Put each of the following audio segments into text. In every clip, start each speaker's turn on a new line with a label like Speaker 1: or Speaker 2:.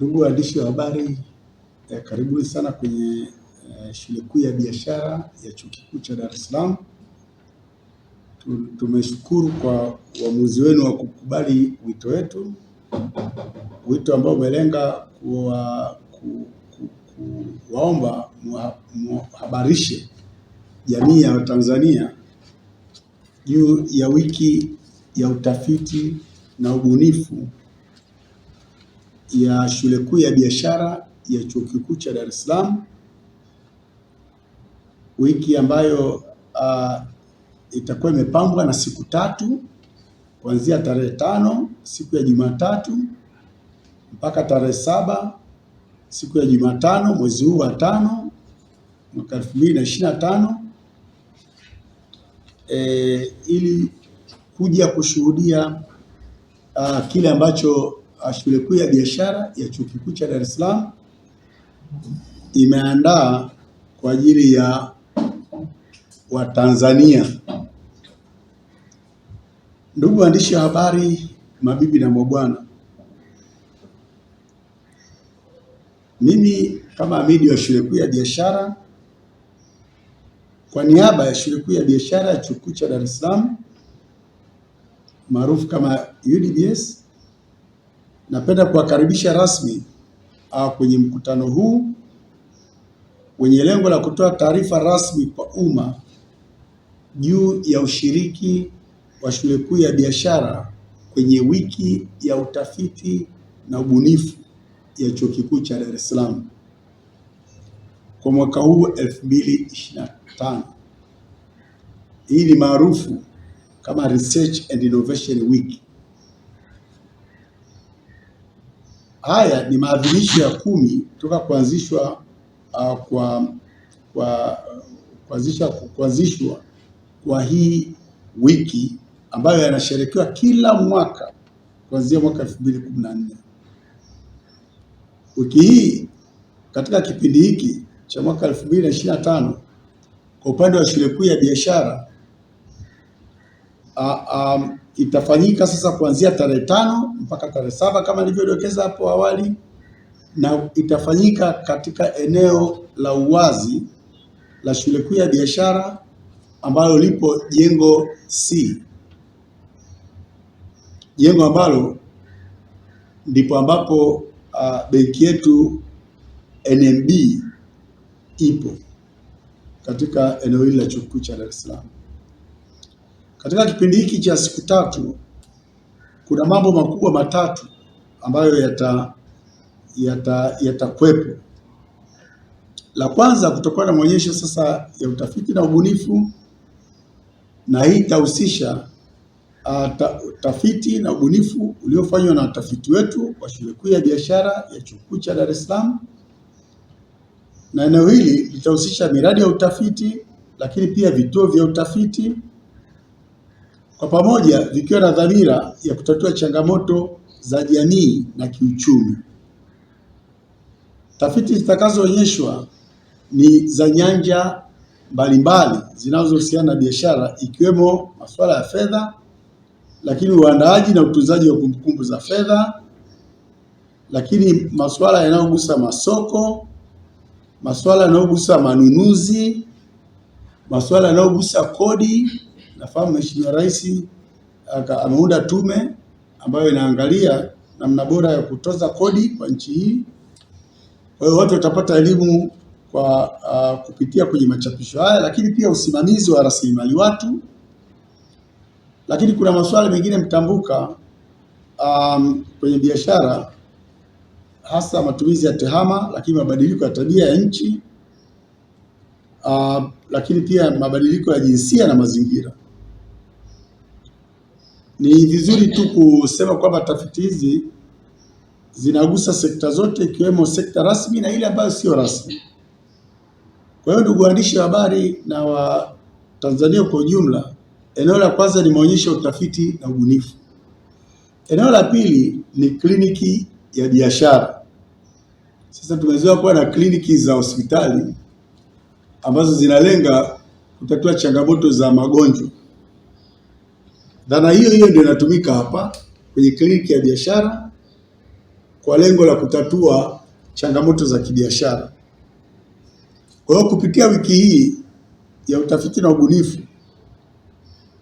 Speaker 1: Ndugu waandishi wa habari eh, karibuni sana kwenye eh, shule kuu ya biashara ya Chuo Kikuu cha Dar es Salaam. Tumeshukuru kwa uamuzi wenu wa kukubali wito wetu, wito ambao umelenga kuwa, ku, ku, ku, waomba muhabarishe jamii ya Tanzania juu ya wiki ya utafiti na ubunifu ya Shule Kuu ya Biashara ya Chuo Kikuu cha Dar es Salaam, wiki ambayo uh, itakuwa imepambwa na siku tatu kuanzia tarehe tano siku ya Jumatatu mpaka tarehe saba siku ya Jumatano mwezi huu wa tano mwaka elfu mbili na ishirini na tano e, ili kuja kushuhudia uh, kile ambacho Shule Kuu ya Biashara ya Chuo Kikuu cha Dar es Salaam imeandaa kwa ajili ya Watanzania. Ndugu waandishi wa habari, mabibi na mabwana, mimi kama amidi wa Shule Kuu ya Biashara, kwa niaba ya Shule Kuu ya Biashara ya Chuo Kikuu cha Dar es Salaam maarufu kama UDBS Napenda kuwakaribisha rasmi ah, kwenye mkutano huu wenye lengo la kutoa taarifa rasmi kwa umma juu ya ushiriki wa Shule Kuu ya Biashara kwenye wiki ya utafiti na ubunifu ya Chuo Kikuu cha Dar es Salaam kwa mwaka huu 2025. Hii ni maarufu kama Research and Innovation Week. Haya ni maadhimisho ya kumi toka kuanzishwa uh, kwa kwa kuanzisha kuanzishwa kwa hii wiki ambayo yanasherekewa kila mwaka kuanzia mwaka 2014. Wiki hii katika kipindi hiki cha mwaka 2025 kwa upande wa shule kuu ya biashara uh, um, itafanyika sasa kuanzia tarehe tano mpaka tarehe saba kama nilivyodokeza hapo awali, na itafanyika katika eneo la uwazi la shule kuu ya biashara ambalo lipo jengo C, jengo ambalo ndipo ambapo uh, benki yetu NMB ipo katika eneo hili la chuo kikuu cha Dar es Salaam. Katika kipindi hiki cha siku tatu kuna mambo makubwa matatu ambayo yata yatakwepo La kwanza kutokana na maonyesho sasa ya utafiti na ubunifu, na hii itahusisha utafiti na ubunifu uliofanywa na watafiti wetu wa shule kuu ya biashara ya chuo kikuu cha Dar es Salaam, na eneo hili litahusisha miradi ya utafiti, lakini pia vituo vya utafiti kwa pamoja vikiwa na dhamira ya kutatua changamoto za jamii na kiuchumi. Tafiti zitakazoonyeshwa ni za nyanja mbalimbali zinazohusiana na biashara ikiwemo masuala ya fedha, lakini uandaaji na utunzaji wa kumbukumbu za fedha, lakini masuala yanayogusa masoko, masuala yanayogusa manunuzi, masuala yanayogusa kodi Nafahamu Mheshimiwa Rais uh, ameunda tume ambayo inaangalia namna bora ya kutoza kodi kwa nchi hii. Kwa hiyo watu watapata elimu kwa uh, kupitia kwenye machapisho haya, lakini pia usimamizi wa rasilimali watu. Lakini kuna masuala mengine mtambuka um, kwenye biashara, hasa matumizi ya tehama, lakini mabadiliko ya tabia ya nchi uh, lakini pia mabadiliko ya jinsia na mazingira. Ni vizuri tu kusema kwamba tafiti hizi zinagusa sekta zote ikiwemo sekta rasmi na ile ambayo sio rasmi. Kwa hiyo ndugu waandishi wa habari na wa Tanzania kwa ujumla, eneo la kwanza ni maonyesho utafiti na ubunifu. Eneo la pili ni kliniki ya biashara. Sasa tumezoea kuwa na kliniki za hospitali ambazo zinalenga kutatua changamoto za magonjwa Dhana hiyo hiyo ndio inatumika hapa kwenye kliniki ya biashara kwa lengo la kutatua changamoto za kibiashara. Kwa hiyo kupitia wiki hii ya utafiti na ubunifu,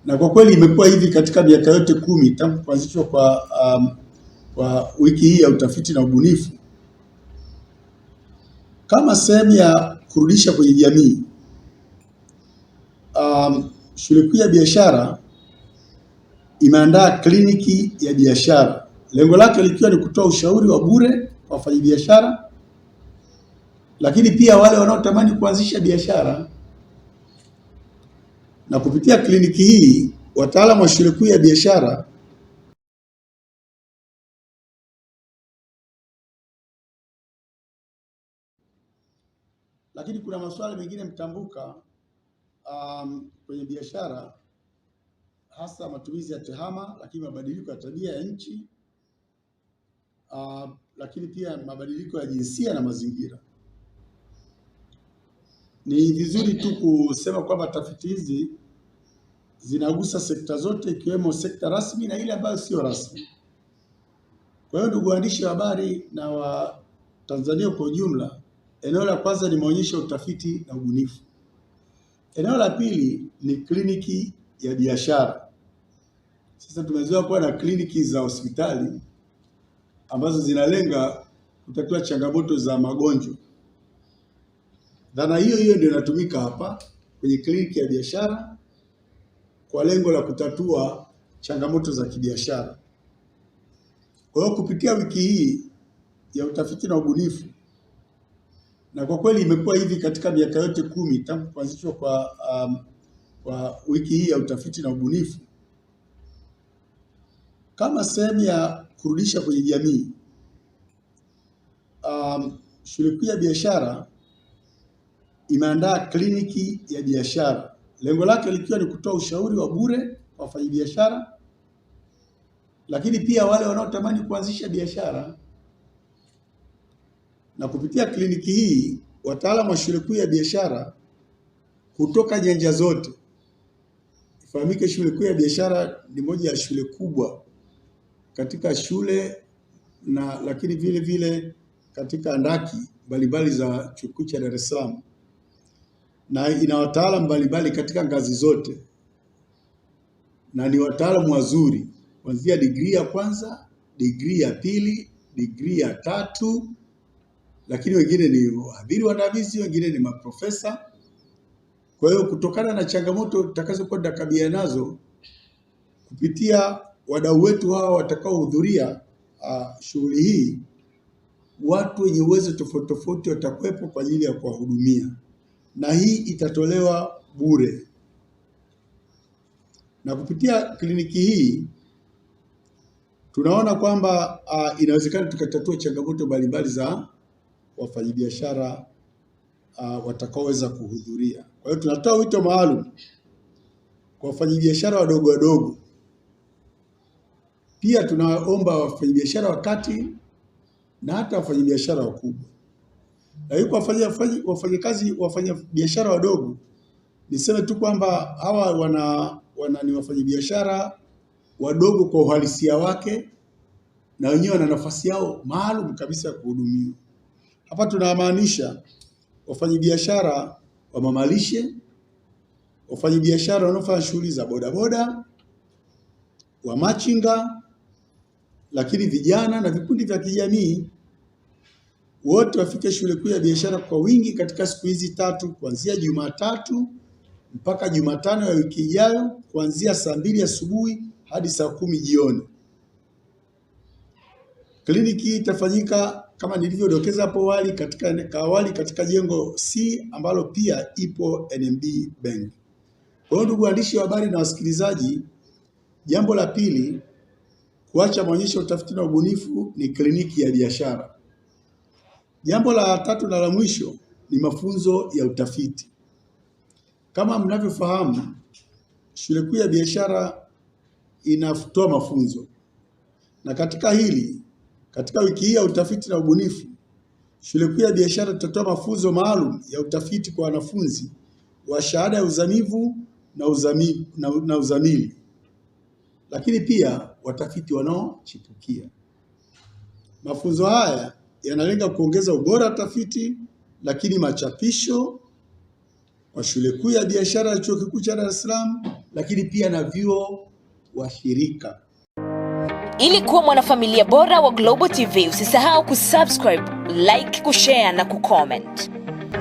Speaker 1: na kwa kweli imekuwa hivi katika miaka yote kumi tangu kuanzishwa kwa, um, kwa wiki hii ya utafiti na ubunifu kama sehemu ya kurudisha kwenye jamii um, shule kuu ya biashara imeandaa kliniki ya biashara, lengo lake likiwa ni kutoa ushauri wa bure kwa wafanyabiashara, lakini pia wale wanaotamani kuanzisha biashara. Na kupitia kliniki hii wataalamu wa shule kuu ya biashara lakini kuna masuala mengine mtambuka um, kwenye biashara hasa matumizi ya tehama, lakini mabadiliko ya tabia ya nchi uh, lakini pia mabadiliko ya jinsia na mazingira. Ni vizuri tu kusema kwamba tafiti hizi zinagusa sekta zote ikiwemo sekta rasmi na ile ambayo sio rasmi. Kwa hiyo ndugu waandishi wa habari na wa Tanzania kwa ujumla, eneo la kwanza ya utafiti na ubunifu. Eneo la pili ni kliniki ya biashara. Sasa tumezoea kuwa na kliniki za hospitali ambazo zinalenga kutatua changamoto za magonjwa. Dhana hiyo hiyo ndio inatumika hapa kwenye kliniki ya biashara kwa lengo la kutatua changamoto za kibiashara. Kwa hiyo kupitia wiki hii ya utafiti na ubunifu, na kwa kweli imekuwa hivi katika miaka yote kumi tangu kuanzishwa kwa, um, kwa wiki hii ya utafiti na ubunifu kama sehemu ya kurudisha kwenye jamii, um, shule kuu ya biashara imeandaa kliniki ya biashara, lengo lake likiwa ni kutoa ushauri wa bure kwa wafanyabiashara, lakini pia wale wanaotamani kuanzisha biashara. Na kupitia kliniki hii, wataalamu wa shule kuu ya biashara kutoka nyanja zote. Ifahamike, shule kuu ya biashara ni moja ya shule kubwa katika shule na lakini vile vile katika andaki mbalimbali za chuo kikuu cha Dar es Salaam na ina wataalamu mbalimbali katika ngazi zote, na ni wataalamu wazuri kuanzia digrii ya kwanza, digrii ya pili, digrii ya tatu, lakini wengine ni wahadhiri waandamizi, wengine ni maprofesa. Kwa hiyo kutokana na changamoto tutakazokwenda kabiliana nazo kupitia wadau wetu hawa watakaohudhuria uh, shughuli hii, watu wenye uwezo tofauti tofauti watakuwepo kwa ajili ya kuwahudumia, na hii itatolewa bure, na kupitia kliniki hii tunaona kwamba uh, inawezekana tukatatua changamoto mbalimbali za wafanyabiashara uh, watakaoweza kuhudhuria. Kwa hiyo tunatoa wito maalum kwa wafanyabiashara wadogo wadogo pia tunaomba wafanyabiashara wakati na hata wafanyabiashara wakubwa, lakini kwa wafanyakazi biashara wadogo, niseme tu kwamba hawa wana, wana ni wafanyabiashara wadogo kwa uhalisia wake, na wenyewe wana nafasi yao maalum kabisa ya kuhudumiwa. Hapa tunamaanisha wafanyabiashara wa mamalishe, wafanyabiashara wanaofanya shughuli za bodaboda, wamachinga lakini vijana na vikundi vya kijamii wote wafike shule kuu ya biashara kwa wingi katika siku hizi tatu kuanzia Jumatatu mpaka Jumatano ya wiki ijayo kuanzia saa mbili asubuhi hadi saa kumi jioni. Kliniki itafanyika kama nilivyodokeza hapo awali katika awali katika jengo C ambalo pia ipo NMB Bank. Kwa hiyo ndugu waandishi wa habari na wasikilizaji, jambo la pili Kuacha maonyesho ya utafiti na ubunifu ni kliniki ya biashara. Jambo la tatu na la mwisho ni mafunzo ya utafiti. Kama mnavyofahamu, shule kuu ya biashara inatoa mafunzo, na katika hili, katika wiki hii ya utafiti na ubunifu, shule kuu ya biashara tutatoa mafunzo maalum ya utafiti kwa wanafunzi wa shahada ya uzamivu na uzamili, na, na uzamili lakini pia watafiti wanaochipukia. Mafunzo haya yanalenga kuongeza ubora wa tafiti, lakini machapisho kwa Shule Kuu ya Biashara ya Chuo Kikuu cha Dar es Salaam, lakini pia na vyuo washirika. Ili kuwa mwanafamilia bora wa Global TV, usisahau kusubscribe, like, kushare na kucomment.